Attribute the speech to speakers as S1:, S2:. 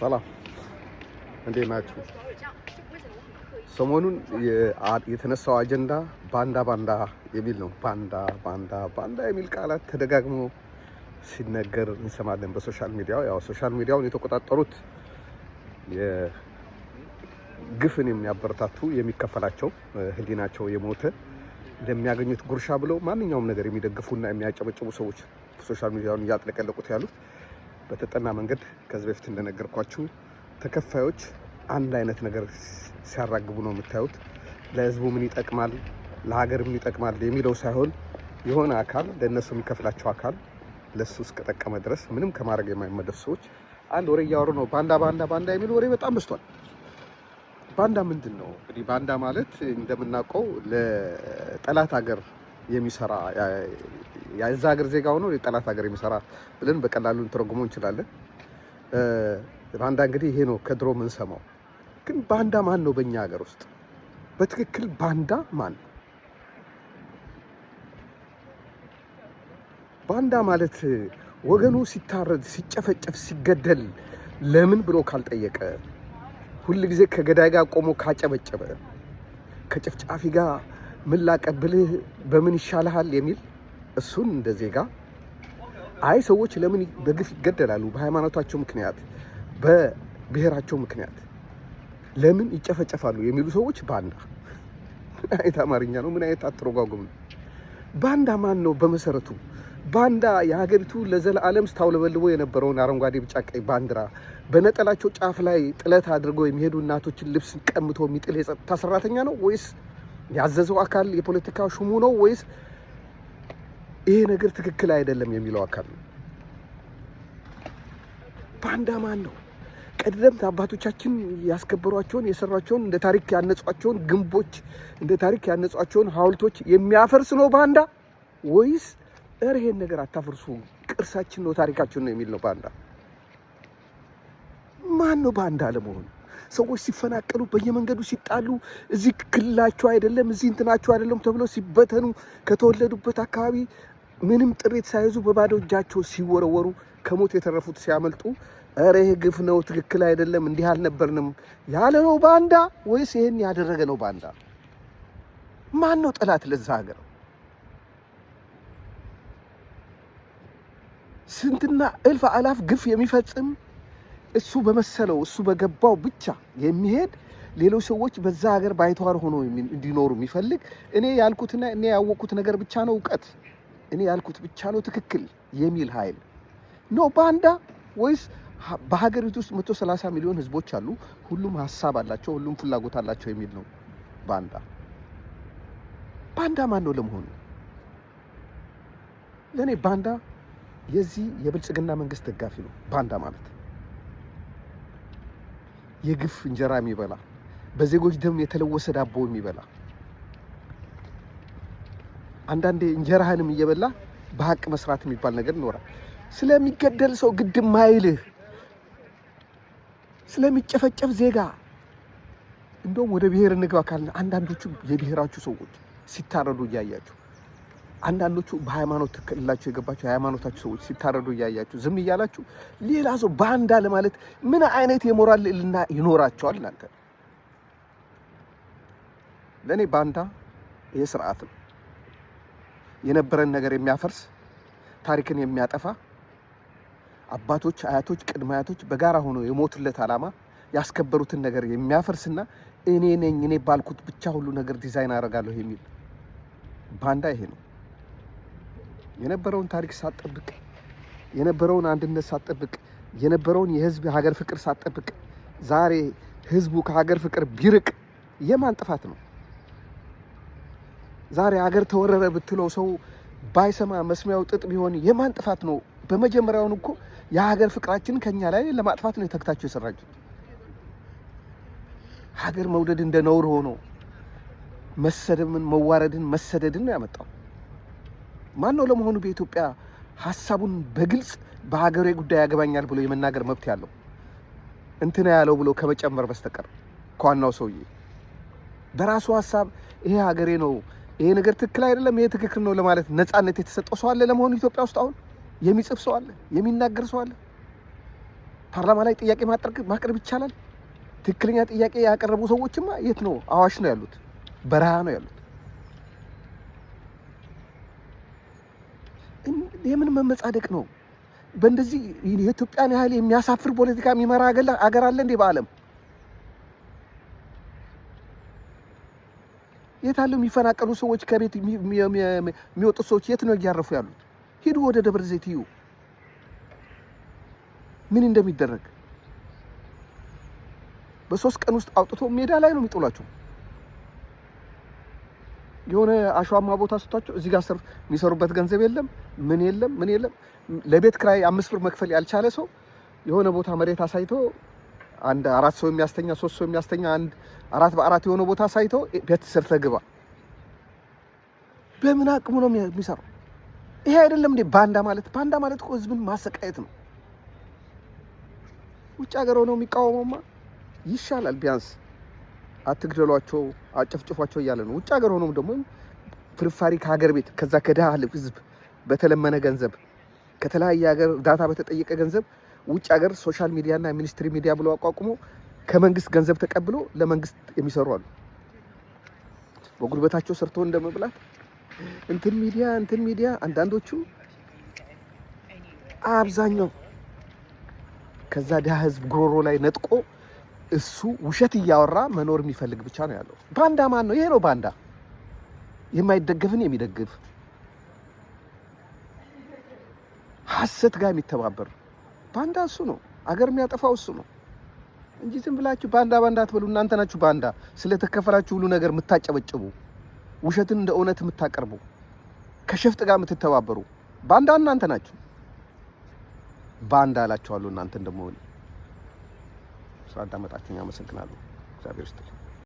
S1: ሰላም እንዴት ናችሁ? ሰሞኑን የተነሳው አጀንዳ ባንዳ ባንዳ የሚል ነው። ባንዳ ባንዳ ባንዳ የሚል ቃላት ተደጋግሞ ሲነገር እንሰማለን በሶሻል ሚዲያ ያው ሶሻል ሚዲያውን የተቆጣጠሩት ግፍን የሚያበረታቱ የሚከፈላቸው ሕሊናቸው የሞተ ለሚያገኙት ጉርሻ ብለው ማንኛውም ነገር የሚደግፉና የሚያጨበጭቡ ሰዎች ሶሻል ሚዲያውን እያጥለቀለቁት ያሉት በተጠና መንገድ ከዚህ በፊት እንደነገርኳችሁ ተከፋዮች አንድ አይነት ነገር ሲያራግቡ ነው የምታዩት። ለህዝቡ ምን ይጠቅማል፣ ለሀገር ምን ይጠቅማል የሚለው ሳይሆን የሆነ አካል ለእነሱ የሚከፍላቸው አካል ለሱ እስከጠቀመ ድረስ ምንም ከማድረግ የማይመለሱ ሰዎች አንድ ወሬ እያወሩ ነው። ባንዳ ባንዳ ባንዳ የሚል ወሬ በጣም በዝቷል። ባንዳ ምንድን ነው እንግዲህ? ባንዳ ማለት እንደምናውቀው ለጠላት ሀገር የሚሰራ የዛ ሀገር ዜጋ ሆኖ የጠላት ሀገር የሚሰራ ብለን በቀላሉ ልንተረጉሞ እንችላለን። ባንዳ እንግዲህ ይሄ ነው ከድሮ የምንሰማው። ግን ባንዳ ማን ነው? በእኛ ሀገር ውስጥ በትክክል ባንዳ ማን ነው? ባንዳ ማለት ወገኑ ሲታረድ፣ ሲጨፈጨፍ፣ ሲገደል ለምን ብሎ ካልጠየቀ ሁልጊዜ ከገዳይ ጋር ቆሞ ካጨበጨበ ከጨፍጫፊ ጋር ምን ላቀብልህ፣ በምን ይሻልሃል የሚል እሱን እንደ ዜጋ አይ ሰዎች ለምን በግፍ ይገደላሉ? በሃይማኖታቸው ምክንያት፣ በብሔራቸው ምክንያት ለምን ይጨፈጨፋሉ የሚሉ ሰዎች ባንዳ። ምን አይነት አማርኛ ነው? ምን አይነት አተረጓጎም ነው? ባንዳ ማን ነው? በመሰረቱ ባንዳ የሀገሪቱ ለዘለዓለም ስታውለበልቦ የነበረውን አረንጓዴ፣ ቢጫ፣ ቀይ ባንዲራ በነጠላቸው ጫፍ ላይ ጥለት አድርገው የሚሄዱ እናቶችን ልብስ ቀምቶ የሚጥል የጸጥታ ሰራተኛ ነው ወይስ ያዘዘው አካል የፖለቲካ ሹሙ ነው ወይስ ይሄ ነገር ትክክል አይደለም የሚለው አካል ነው? ባንዳ ማን ነው? ቀደምት አባቶቻችን ያስከበሯቸውን የሰሯቸውን እንደ ታሪክ ያነጿቸውን ግንቦች እንደ ታሪክ ያነጿቸውን ሐውልቶች የሚያፈርስ ነው ባንዳ ወይስ እረ ይሄን ነገር አታፍርሱ ቅርሳችን ነው ታሪካችን ነው የሚል ነው ባንዳ? ማን ነው ባንዳ ለመሆኑ? ሰዎች ሲፈናቀሉ፣ በየመንገዱ ሲጣሉ፣ እዚህ ክልላቸው አይደለም እዚህ እንትናቸው አይደለም ተብለው ሲበተኑ፣ ከተወለዱበት አካባቢ ምንም ጥሪት ሳይዙ በባዶ እጃቸው ሲወረወሩ፣ ከሞት የተረፉት ሲያመልጡ፣ እረ ይህ ግፍ ነው፣ ትክክል አይደለም፣ እንዲህ አልነበርንም ያለ ነው ባንዳ ወይስ ይህን ያደረገ ነው ባንዳ? ማን ነው ጠላት ለዛ ሀገር? ስንትና እልፍ አላፍ ግፍ የሚፈጽም እሱ በመሰለው እሱ በገባው ብቻ የሚሄድ ሌሎች ሰዎች በዛ ሀገር ባይተዋር ሆኖ እንዲኖሩ የሚፈልግ እኔ ያልኩትና እኔ ያወቅኩት ነገር ብቻ ነው እውቀት፣ እኔ ያልኩት ብቻ ነው ትክክል የሚል ኃይል ነው ባንዳ ወይስ በሀገሪቱ ውስጥ መቶ ሰላሳ ሚሊዮን ህዝቦች አሉ፣ ሁሉም ሀሳብ አላቸው፣ ሁሉም ፍላጎት አላቸው የሚል ነው ባንዳ። ባንዳ ማን ነው ለመሆኑ? ለእኔ ባንዳ የዚህ የብልጽግና መንግስት ደጋፊ ነው ባንዳ ማለት። የግፍ እንጀራ የሚበላ በዜጎች ደም የተለወሰ ዳቦ የሚበላ አንዳንዴ እንጀራህንም እየበላ በሀቅ መስራት የሚባል ነገር ይኖራል። ስለሚገደል ሰው ግድ ማይልህ ስለሚጨፈጨፍ ዜጋ እንደውም ወደ ብሔር እንግባ ካልን አንዳንዶቹ የብሔራችሁ ሰዎች ሲታረዱ እያያችሁ አንዳንዶቹ በሃይማኖት ትክልላቸው የገባቸው የሃይማኖታቸው ሰዎች ሲታረዱ እያያችሁ ዝም እያላችሁ ሌላ ሰው ባንዳ ለማለት ምን አይነት የሞራል ልዕልና ይኖራቸዋል? እናንተ ለእኔ ባንዳ ይሄ ስርዓት ነው። የነበረን ነገር የሚያፈርስ ታሪክን የሚያጠፋ አባቶች፣ አያቶች፣ ቅድመ አያቶች በጋራ ሆኖ የሞቱለት ዓላማ ያስከበሩትን ነገር የሚያፈርስና እኔ ነኝ እኔ ባልኩት ብቻ ሁሉ ነገር ዲዛይን አደርጋለሁ የሚል ባንዳ ይሄ ነው። የነበረውን ታሪክ ሳትጠብቅ፣ የነበረውን አንድነት ሳትጠብቅ፣ የነበረውን የህዝብ የሀገር ፍቅር ሳትጠብቅ ዛሬ ህዝቡ ከሀገር ፍቅር ቢርቅ የማን ጥፋት ነው? ዛሬ ሀገር ተወረረ ብትለው ሰው ባይሰማ መስሚያው ጥጥ ቢሆን የማን ጥፋት ነው? በመጀመሪያውን እኮ የሀገር ፍቅራችን ከኛ ላይ ለማጥፋት ነው የተግታችሁ የሰራችሁት። ሀገር መውደድ እንደ ነውር ሆኖ መሰደብን፣ መዋረድን፣ መሰደድን ነው ያመጣው። ማን ነው ለመሆኑ በኢትዮጵያ ሀሳቡን በግልጽ በሀገሬ ጉዳይ ያገባኛል ብሎ የመናገር መብት ያለው እንትና ያለው ብሎ ከመጨመር በስተቀር ከዋናው ሰውዬ በራሱ ሀሳብ ይሄ ሀገሬ ነው፣ ይሄ ነገር ትክክል አይደለም፣ ይሄ ትክክል ነው ለማለት ነፃነት የተሰጠው ሰው አለ ለመሆኑ ኢትዮጵያ ውስጥ አሁን? የሚጽፍ ሰው አለ? የሚናገር ሰው አለ? ፓርላማ ላይ ጥያቄ ማቅረብ ይቻላል? ትክክለኛ ጥያቄ ያቀረቡ ሰዎችማ የት ነው? አዋሽ ነው ያሉት፣ በረሃ ነው ያሉት። የምን ምን መመጻደቅ ነው? በእንደዚህ የኢትዮጵያን ያህል የሚያሳፍር ፖለቲካ የሚመራ አገር አለ እንዴ በዓለም? የት አለው የሚፈናቀሉ ሰዎች ከቤት የሚወጡ ሰዎች የት ነው እያረፉ ያሉት? ሂዱ ወደ ደብረ ዘይት እዩ ምን እንደሚደረግ። በሶስት ቀን ውስጥ አውጥቶ ሜዳ ላይ ነው የሚጥሏቸው። የሆነ አሸዋማ ቦታ ስቷቸው እዚህ ጋር ስር የሚሰሩበት ገንዘብ የለም፣ ምን የለም፣ ምን የለም። ለቤት ክራይ አምስት ብር መክፈል ያልቻለ ሰው የሆነ ቦታ መሬት አሳይቶ አንድ አራት ሰው የሚያስተኛ ሶስት ሰው የሚያስተኛ አንድ አራት በአራት የሆነ ቦታ አሳይቶ ቤት ስር ተግባ በምን አቅሙ ነው የሚሰራው? ይሄ አይደለም እንዴ ባንዳ ማለት? ባንዳ ማለት እኮ ህዝብን ማሰቃየት ነው። ውጭ ሀገር ሆነው የሚቃወመውማ ይሻላል ቢያንስ አትግደሏቸው፣ አጨፍጭፏቸው እያለ ነው። ውጭ ሀገር ሆኖም ደግሞ ፍርፋሪ ከሀገር ቤት ከዛ ከድሃ ህዝብ በተለመነ ገንዘብ ከተለያየ ሀገር እርዳታ በተጠየቀ ገንዘብ ውጭ ሀገር ሶሻል ሚዲያና ሚኒስትሪ ሚዲያ ብለው አቋቁሞ ከመንግስት ገንዘብ ተቀብሎ ለመንግስት የሚሰሩ አሉ። በጉልበታቸው ሰርቶ እንደመብላት እንትን ሚዲያ እንትን ሚዲያ አንዳንዶቹ አብዛኛው ከዛ ድሃ ህዝብ ጉሮሮ ላይ ነጥቆ እሱ ውሸት እያወራ መኖር የሚፈልግ ብቻ ነው ያለው። ባንዳ ማን ነው? ይሄ ነው ባንዳ። የማይደገፍን የሚደግፍ ሀሰት ጋር የሚተባበር ባንዳ እሱ ነው። አገር የሚያጠፋው እሱ ነው እንጂ ዝም ብላችሁ ባንዳ ባንዳ አትበሉ። እናንተ ናችሁ ባንዳ ስለተከፈላችሁ ሁሉ ነገር የምታጨበጭቡ፣ ውሸትን እንደ እውነት የምታቀርቡ፣ ከሸፍጥ ጋር የምትተባበሩ ባንዳ እናንተ ናችሁ። ባንዳ እላችኋለሁ እናንተ እንደመሆን ስራ እንዳመጣችሁኝ አመሰግናለሁ። እግዚአብሔር ይስጥልኝ።